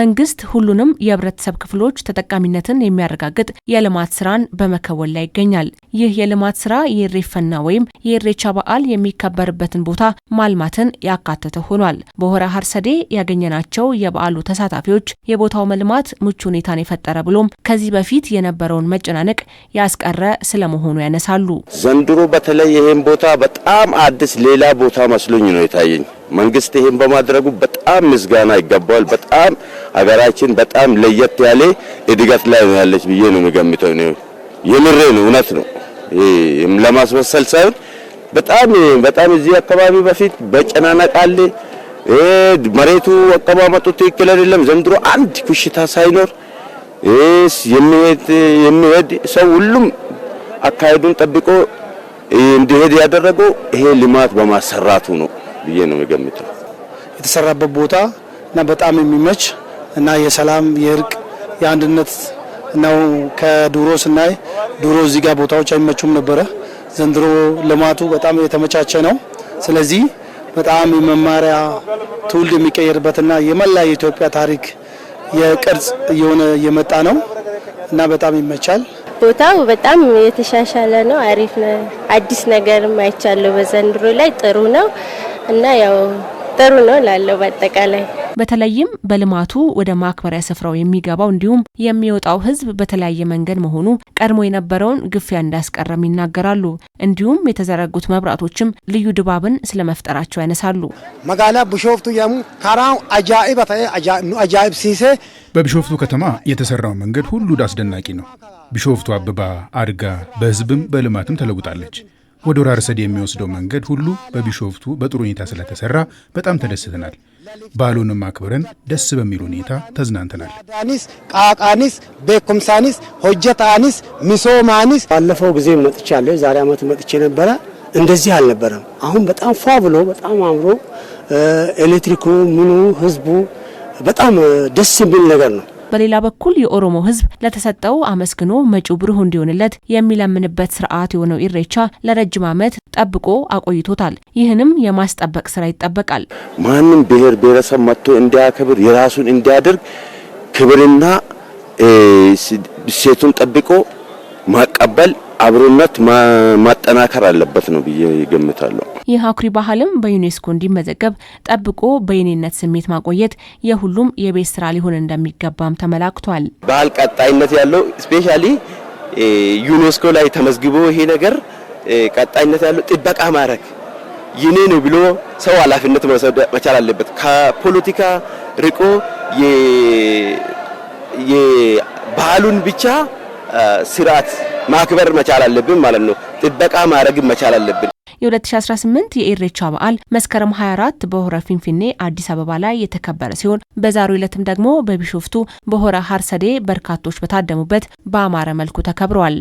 መንግስት ሁሉንም የህብረተሰብ ክፍሎች ተጠቃሚነትን የሚያረጋግጥ የልማት ስራን በመከወል ላይ ይገኛል። ይህ የልማት ስራ የኢሬፈና ወይም የኢሬቻ በዓል የሚከበርበትን ቦታ ማልማትን ያካተተ ሆኗል። በሆረ ሀርሰዴ ያገኘናቸው የበዓሉ ተሳታፊዎች የቦታው መልማት ምቹ ሁኔታን የፈጠረ ብሎም ከዚህ በፊት የነበረውን መጨናነቅ ያስቀረ ስለመሆኑ ያነሳሉ። ዘንድሮ በተለይ ይህን ቦታ በጣም አዲስ ሌላ ቦታ መስሎኝ ነው የታየኝ። መንግስት ይህን በማድረጉ በጣም ምስጋና ይገባዋል። በጣም ሀገራችን በጣም ለየት ያለ እድገት ላይ ነው ያለች ብዬ ነው የምገምተው። ነው የምሬ ነው፣ እውነት ነው። ለማስመሰል ሳይሆን በጣም በጣም እዚህ አካባቢ በፊት በጨናነቃል። መሬቱ አቀማመጡ ትክክል አይደለም። ዘንድሮ አንድ ኩሽታ ሳይኖር የሚሄድ ሰው ሁሉም አካሄዱን ጠብቆ እንዲሄድ ያደረገው ይሄ ልማት በማሰራቱ ነው ብዬ ነው የሚገምተው የተሰራበት ቦታ እና በጣም የሚመች እና የሰላም የእርቅ የአንድነት ነው። ከድሮ ስናይ ድሮ እዚህ ጋር ቦታዎች አይመቹም ነበረ። ዘንድሮ ልማቱ በጣም የተመቻቸ ነው። ስለዚህ በጣም የመማሪያ ትውልድ የሚቀየርበትና የመላ የኢትዮጵያ ታሪክ የቅርጽ እየሆነ እየመጣ ነው እና በጣም ይመቻል። ቦታው በጣም የተሻሻለ ነው። አሪፍ ነው። አዲስ ነገርም አይቻለሁ በዘንድሮ ላይ ጥሩ ነው እና ያው ጥሩ ነው ላለው በአጠቃላይ በተለይም በልማቱ ወደ ማክበሪያ ስፍራው የሚገባው እንዲሁም የሚወጣው ህዝብ በተለያየ መንገድ መሆኑ ቀድሞ የነበረውን ግፊያ እንዳስቀረም ይናገራሉ። እንዲሁም የተዘረጉት መብራቶችም ልዩ ድባብን ስለመፍጠራቸው ያነሳሉ። መጋላ ብሾፍቱ የሙ አጃኢብ አጃኢብ ሲሴ በቢሾፍቱ ከተማ የተሰራው መንገድ ሁሉ አስደናቂ ነው። ቢሾፍቱ አብባ አድጋ በህዝብም በልማትም ተለውጣለች። ወደ ወራርሰዴ የሚወስደው መንገድ ሁሉ በቢሾፍቱ በጥሩ ሁኔታ ስለተሰራ በጣም ተደስተናል። ባሉንም አክብረን ደስ በሚል ሁኔታ ተዝናንተናል። ቃቃኒስ ቤኩምሳኒስ ሆጀታኒስ ሚሶማኒስ ባለፈው ጊዜ መጥቻለሁ። የዛሬ ዓመት መጥቼ ነበረ። እንደዚህ አልነበረም። አሁን በጣም ፏ ብሎ በጣም አምሮ ኤሌክትሪኩ ምኑ ህዝቡ በጣም ደስ የሚል ነገር ነው። በሌላ በኩል የኦሮሞ ህዝብ ለተሰጠው አመስግኖ መጪው ብሩህ እንዲሆንለት የሚለምንበት ስርዓት የሆነው ኢሬቻ ለረጅም ዓመት ጠብቆ አቆይቶታል። ይህንም የማስጠበቅ ስራ ይጠበቃል። ማንም ብሔር ብሔረሰብ መጥቶ እንዲያከብር የራሱን እንዲያደርግ ክብርና ሴቱን ጠብቆ ማቀበል አብሮነት ማጠናከር አለበት ነው ብዬ ይገምታለሁ። ይህ አኩሪ ባህልም በዩኔስኮ እንዲመዘገብ ጠብቆ በየኔነት ስሜት ማቆየት የሁሉም የቤት ስራ ሊሆን እንደሚገባም ተመላክቷል። ባህል ቀጣይነት ያለው ስፔሻሊ ዩኔስኮ ላይ ተመዝግቦ ይሄ ነገር ቀጣይነት ያለው ጥበቃ ማድረግ የኔ ነው ብሎ ሰው ኃላፊነት መውሰድ መቻል አለበት። ከፖለቲካ ርቆ የባህሉን ብቻ ስርዓት ማክበር መቻል አለብን ማለት ነው። ጥበቃ ማድረግ መቻል አለብን። የ2018 የኢሬቻ በዓል መስከረም 24 በሆረ ፊንፊኔ አዲስ አበባ ላይ የተከበረ ሲሆን በዛሬው ዕለትም ደግሞ በቢሾፍቱ በሆረ ሀርሰዴ በርካቶች በታደሙበት በአማረ መልኩ ተከብሯል።